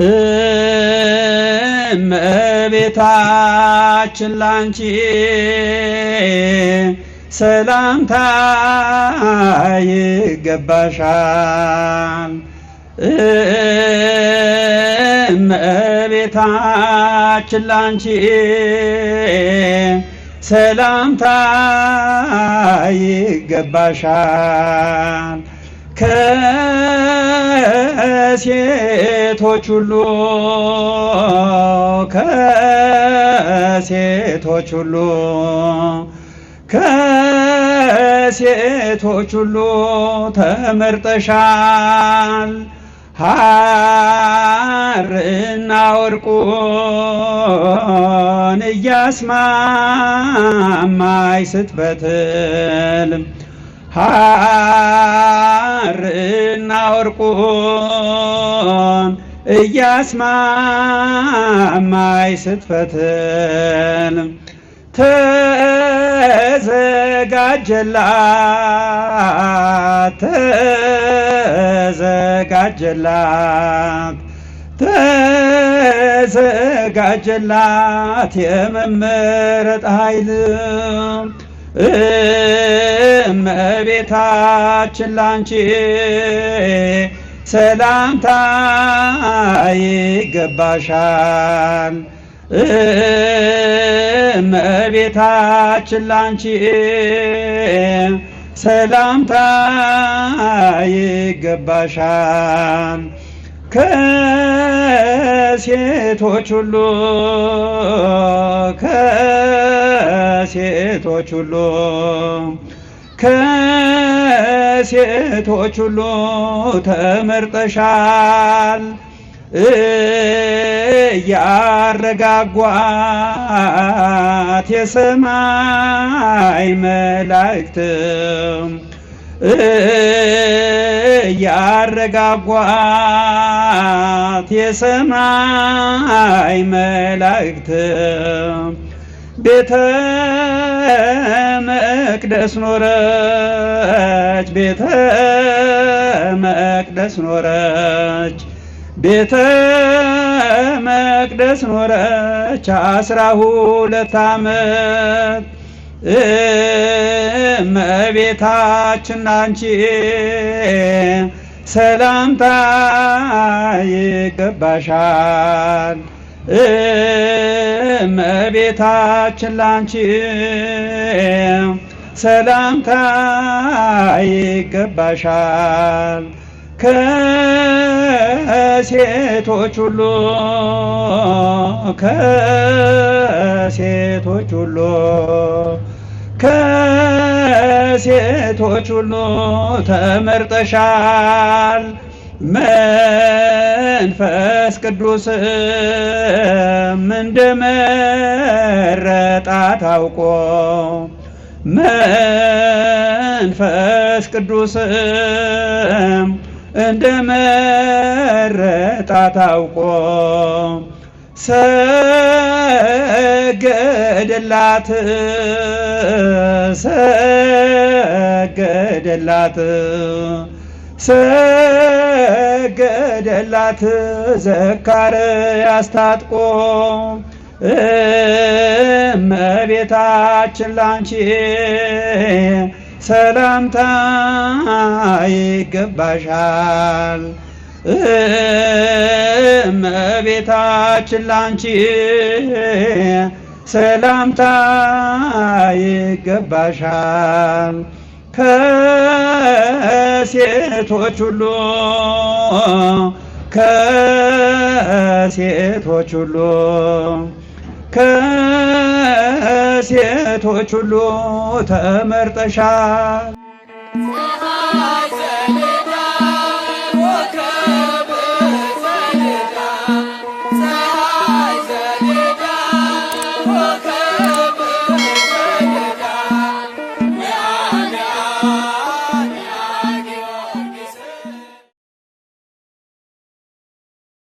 እመቤታችን ላንቺ ሰላምታ ይገባሻል። እመቤታችን ላንቺ ሰላምታ ይገባሻል። ከሴቶች ሁሉ ከሴቶች ሁሉ ከሴቶች ሁሉ ተመርጠሻል ሐርና ወርቁን እያስማማይ ስትበትል ብርና ወርቁን እያስማማይ ስትፈትን ተዘጋጀላት ተዘጋጀላት ተዘጋጀላት የመመረጥ ኃይል እመቤታችን ላንቺ ሰላምታ ይገባሻል። እመቤታችን ላንቺ ሰላምታ ይገባሻል። ከሴቶች ሁሉ ከሴቶች ሁሉ ከሴቶች ሁሉ ተመርጠሻል። እያረጋጓት የሰማይ መላእክት እያረጋጓት የሰማይ መላእክት ቤተ መቅደስ ኖረች ቤተ መቅደስ ኖረች ቤተ መቅደስ ኖረች አስራ ሁለት ዓመት እመቤታችን አንቺ ሰላምታ ይገባሻል። እመቤታችን ላንቺ ሰላምታ ይገባሻል። ከሴቶች ሁሉ ከሴቶች ሁሉ ከሴቶች ሁሉ ተመርጠሻል። መንፈስ ቅዱስም እንደመረጣት አውቆ መንፈስ ቅዱስም እንደመረጣት ታውቆ ሰገደላት ሰገደላት ገላት ዘካርያስ ታጥቆ እመቤታችን ላንቺ ሰላምታ ይገባሻል። እመቤታችን ላንቺ ሰላምታ ይገባሻል። ከሴቶች ሁሉ ከሴቶች ሁሉ ከሴቶች ሁሉ ተመርጠሻል።